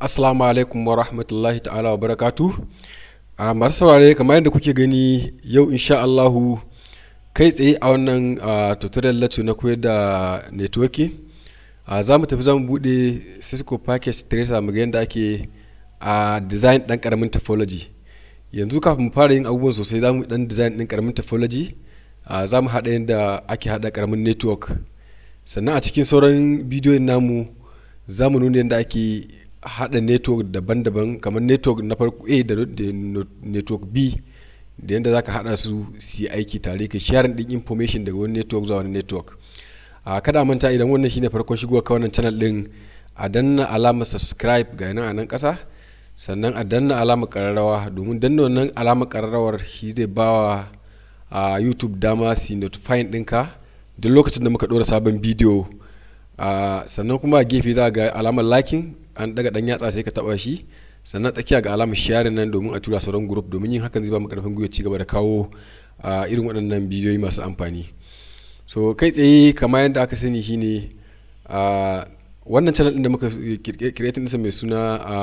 assalamu alaikum wa rahmatullahi ta'ala wa barakatu a masu saurare kamar yadda kuke gani yau insha Allahu kai tsaye a wannan tutorial latu na koyar da networking za mu tafi za mu buɗe cisco package tracer mu ga yadda ake a design ɗan ƙaramin topology yanzu kafin mu fara yin abubuwan sosai za mu ɗan design ɗan ƙaramin topology za mu haɗa yadda ake haɗa karamin network sannan a cikin sauran bidiyon namu za mu nuna yadda ake haɗa network daban-daban kamar network na farko a da network b da yadda za ka haɗa su su aiki tare ka sharing din information daga wani network zuwa wani network a kada manta idan wannan shine farkon shigowa ka wannan channel ɗin a danna alamar subscribe ga yana a nan ƙasa sannan a danna alamar ƙararrawa domin danna wannan alamar ƙararrawar shi zai bawa a youtube dama su notifying ɗinka duk lokacin da muka ɗora sabon bidiyo sannan kuma a gefe za ga alamar liking an daga dan yatsa sai ka taba shi sannan tsakiya ga alamar sharin nan domin a tura sauran group domin yin hakan zai ba mu karfin gwiwa ci gaba da kawo a irin waɗannan bidiyoyi masu amfani so kai tsaye kamar yadda aka sani shine a wannan channel din da muka kirkire ɗinsa mai suna a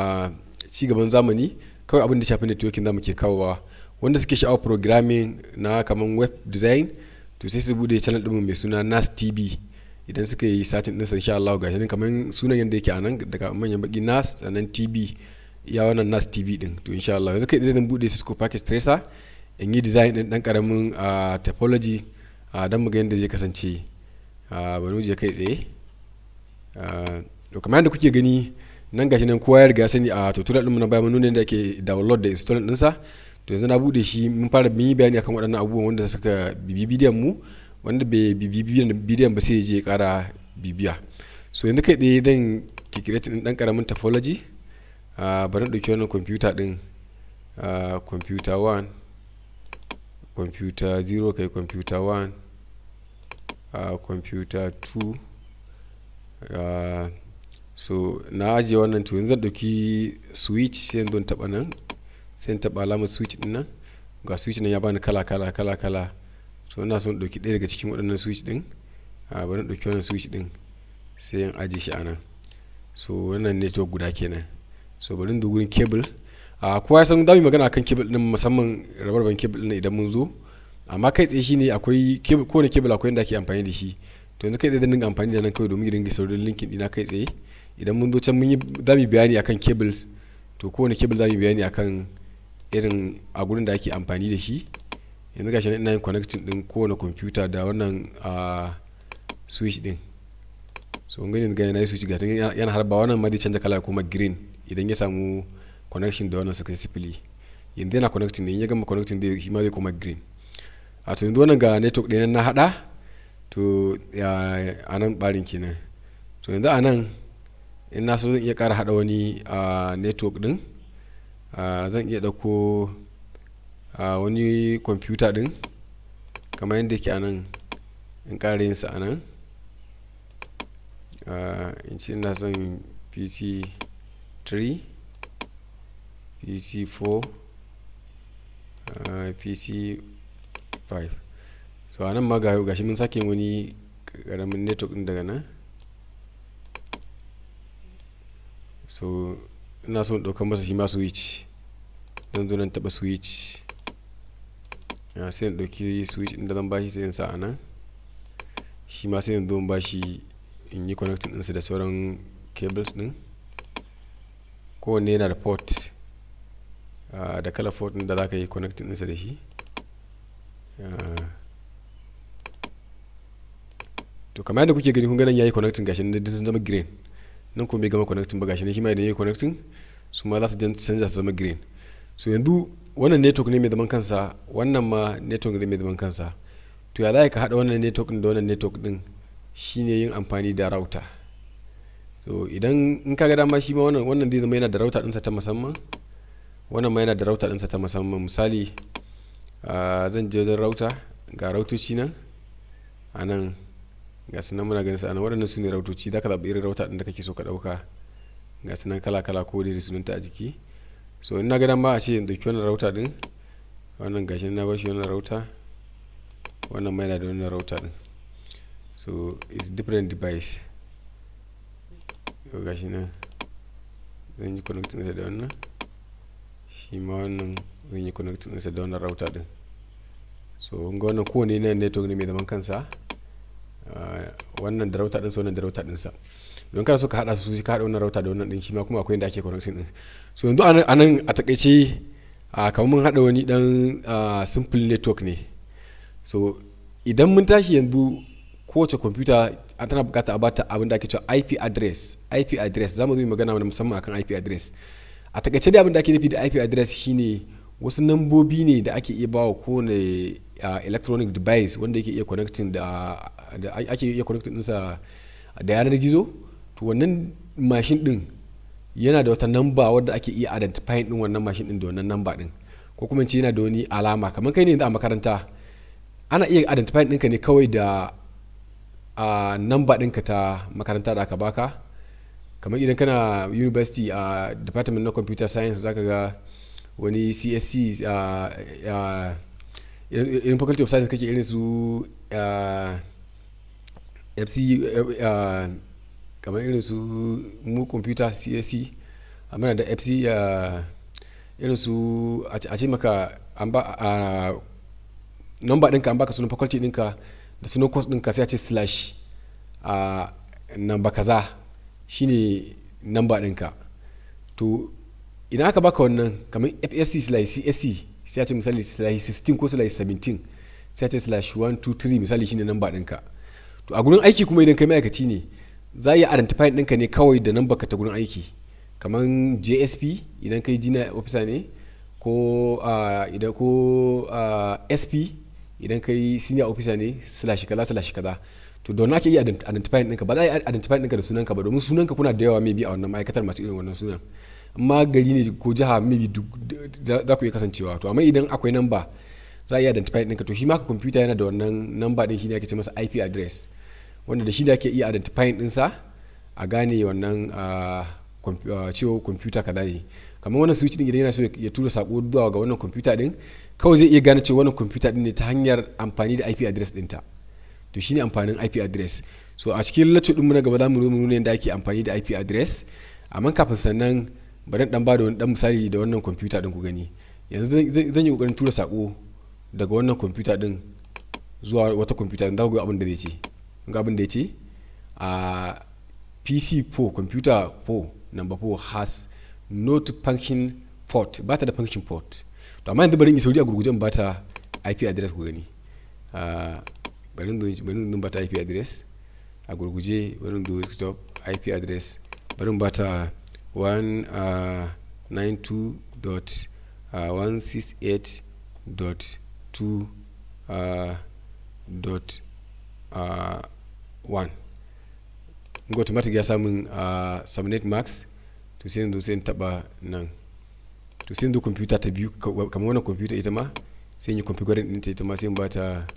ci gaban zamani kawai abin da shafi networking zamu ke kawowa wanda suke sha'awar programming na kamar web design to sai su bude channel mu mai suna nas tv idan suka yi satin ɗinsa insha Allah ga shi kamar sunan yanda yake anan daga manyan baki nas sannan tb ya wannan nas tv din to insha Allah yanzu kai idan bude cisco package tracer in yi design din dan karamin topology dan mu ga yanda zai kasance bari je kai tsaye to kamar yanda kuke gani nan gashi nan kowa ya riga sani a tutorial mu na baya mun nuna yadda ake download da install sa to yanzu na bude shi mun fara mun yi bayani akan waɗannan abubuwan wanda suka bibi bidiyon mu wanda bai bibiyan bidiyon ba sai je kara bibiya so yanzu kai dai dan kikireti din dan karamin topology a ah, bari dauke wannan computer din a ah, computer 1 computer 0 kai computer 1 a ah, computer 2 so na ajiye wannan to yanzu dauki switch sai yanzu taba nan sai taba alamar switch din nan ga switch nan ya bani kala kala kala kala so ina son ɗauki ɗaya daga cikin waɗannan switch ɗin a bari ɗauki wannan switch ɗin sai in aje shi a nan so wannan network guda kenan so bari da wurin cable a kowa ya san za mu magana akan cable ɗin musamman rabarban cable ɗin idan mun zo amma kai tsaye shine akwai kowane cable akwai inda ake amfani da shi to yanzu kai tsaye dinga amfani da nan kawai domin dinga saurin linkin ɗina kai tsaye idan mun zo can mun yi za mu bayani akan cables to kowane cable za mu bayani akan irin a gurin da ake amfani da shi yanzu gashi ina yin connection din kowane computer da wannan switch din so kun gani na yi switch gatan yana harba wannan madi zai canza kala kuma green idan ya samu connection da wannan successfully yanzu yana connecting din ya gama connecting din shi ma zai kuma green a to yanzu wannan ga network din na hada to a nan barin kenan to yanzu a nan in na so zan iya kara hada wani network din zan iya dauko a wani kwamfuta din kamar yadda ke anan in in ƙara yinsa a in ce na son pc 3 pc 4 pc 5 so a nan ma gashi mun sake wani ƙaramin network ɗin daga nan so ina son ɗaukar masa shi ma switch don zo nan taɓa switch Ah, sai in ɗauki switch inda zan bashi sai in sa a nan shi ma sai in zo in bashi in yi connecting ɗinsu da sauran cables ɗin kowanne yana da port ah, da kala port ɗin da za ka yi connecting ɗinsa da shi ah, to kamar yadda kuke gani kun ganin yi connecting gashi nan sun zama green nan kuma bai gama connecting ba gashi ne shi ma idan yi connecting su ma za su canza su zama green so yanzu wannan network ne mai zaman kansa wannan ma network ne mai zaman kansa to ya za ka haɗa wannan network da wannan network ɗin shine yin amfani da rauta so idan in ka ga dama shi ma wannan wannan zai zama yana da rauta ɗinsa ta musamman wannan ma yana da rauta ɗinsa ta musamman misali ah, zan je wajen rauta ga rautoci nan a nan ga su nan muna ganin su a nan waɗannan su ne rautoci za ka zaɓi irin rauta ɗin da kake so ka ɗauka ga su nan kala kala ko da sunanta a jiki so ina na ga dama a ce da dauki rauta din wannan gashin na bashi wannan rauta wannan mai na da wannan rauta din so it's different device yau gashi na zan yi connecting da wannan shi ma wannan zan yi connecting da wannan rauta din so ga wannan kowane na network ne mai zaman kansa ah, wannan da rauta din sa wannan da rauta din sa don kada so ka hada su sai ka hada wannan rauta da wannan din shi ma kuma akwai inda ake connection din so yanzu anan a takaice kamar mun hada wani dan simple network ne so idan mun tashi yanzu kowace an tana bukata a bata abin da ake cewa IP address IP address za mu yi magana wani musamman akan IP address a takaice dai abin da ake nufi da IP address shine wasu nambobi ne da ake iya bawa kowane electronic device wanda yake iya connecting da ake iya connecting ɗinsa da yanar gizo to wannan mashin din yana da wata namba wadda ake iya identify din wannan mashin din da wannan namba din ko kuma ce yana da wani alama kamar kai ne a makaranta ana iya identify ɗinka ne kawai da a namba ɗinka ta makaranta da aka baka kamar idan kana university a department na computer science zaka ga wani csc irin faculty of science kake irin su fc kamar irin su mu computer csc mana da fc ya irin su a ce maka an ba a number dinka an baka sunan faculty dinka da sunan course dinka sai a ce slash a namba kaza shine namba dinka to idan aka baka wannan kamar fsc slash csc sai a ce misali slash 16 ko slash 17 sai a ce slash 123 misali shine namba dinka to a gurin aiki kuma idan kai ma'aikaci ne za a yi identify ɗinka ne kawai da nan baka ta gurin aiki kamar jsp idan kai jina officer ne ko ah, idan ko ah, sp idan kai senior officer ne slash kaza slash kaza to don ake yi identify ɗinka ba za a yi identify ɗinka da sunanka ba domin sunanka kuna da yawa maybe a wannan ma'aikatar masu irin wannan sunan amma gari ne ko jiha maybe za ku iya kasancewa to amma idan akwai namba za a yi identify ɗinka to shi ma ka kwamfuta yana da wannan namba ɗin shi ne ake ce masa ip address wanda da shi da ke iya identifying ɗinsa a gane wannan ciwo kwamfuta kaza ne kamar wannan switch din idan yana so ya tura sako zuwa ga wannan kwamfuta din kawai zai iya gane cewa wannan kwamfuta din ne ta hanyar amfani da IP address ɗinta to shine amfanin IP address so a cikin lacco ɗin na gaba za mu zo mu nuna yadda ake amfani da IP address amma kafin sannan bari dan ba da wani dan misali da wannan kwamfuta din ku gani yanzu zan yi kokarin tura sako daga wannan kwamfuta din zuwa wata kwamfuta din za ku ga abin da zai ce ga abin da ya ce a pc4 computer 4 number 4 has not function port ba ta da function port to amma yanzu barin isauri a gurgujen ba ta ip address ku gani barin dun ba ta ip address a gurguje barin dun desktop ip address barin ba ta 192.168.2 uh, 1 in automatic ya samun uh, max to sai yanzu sai taba nan to sai yanzu computer ta biyu kamar wannan computer ita ma sai yi configuring ɗinta ita ma sai in bata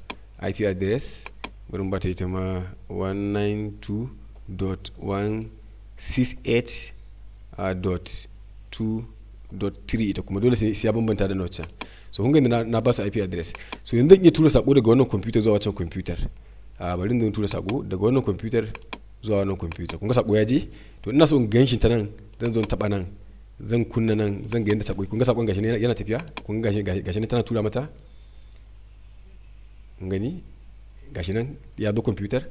ip address bari bata ita ma 192.168.2.3 uh, ita kuma dole sai ya bambanta da na so kun gani na ba su ip address so yanzu zan iya tura sako daga wannan computer zuwa wancan computer Ah, bari da tura sako daga wannan kwamfutar zuwa wannan kwamfutar kun ga sako ya je to ina so in gan shi ta nan zan zo taba nan zan kunna nan zan ga yadda sako kun ga sakon gashi yana tafiya kun ga gashi ne tana tura mata kun gani gashi nan ya zo kwamfutar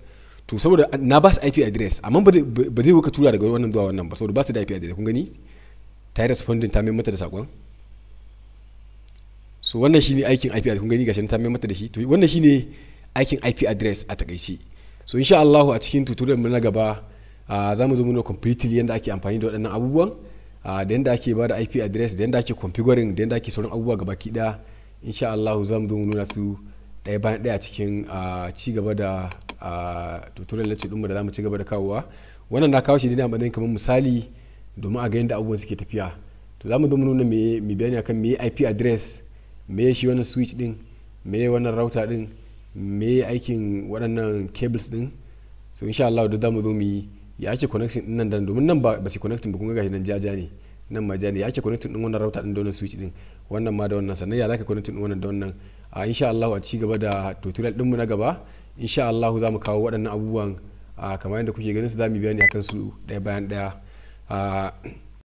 to saboda na ba su IP address amma ba zai wuka tura daga wannan zuwa wannan ba saboda ba su da IP address kun gani ta yi responding ta mai mata da sakon so wannan shine aikin IP address kun gani gashi ta mai mata da shi to wannan shine aikin ip address a takaice so insha Allahu a cikin tutorial mu na gaba za mu zo muna completely yadda ake amfani da waɗannan abubuwan da yadda ake ba da ip address da yadda ake configuring da yadda ake sauran abubuwa gaba ki ɗaya insha Allahu za mu zo mu nuna su ɗaya bayan ɗaya cikin ci gaba da tutorial lecture ɗinmu da za mu ci gaba da kawowa wannan na kawo shi dina a matsayin kamar misali domin a ga yadda abubuwan suke tafiya to za mu zo mu nuna bayani akan me ip address me shi wannan switch din me wannan router din me aikin waɗannan cables din so insha Allah da zamu zo mu yi ya ake connection din nan dan domin nan ba ba su connecting ba kun ga nan jaja ne nan ma ja ne ya ake connecting din wannan router din da wannan switch din wannan ma da wannan sannan ya zaka connecting din wannan da wannan a insha Allah a ci gaba da tutorial din mu na gaba insha Allah za mu kawo waɗannan abubuwan kamar yadda kuke ganin su za mu bayani akan su ɗaya bayan ɗaya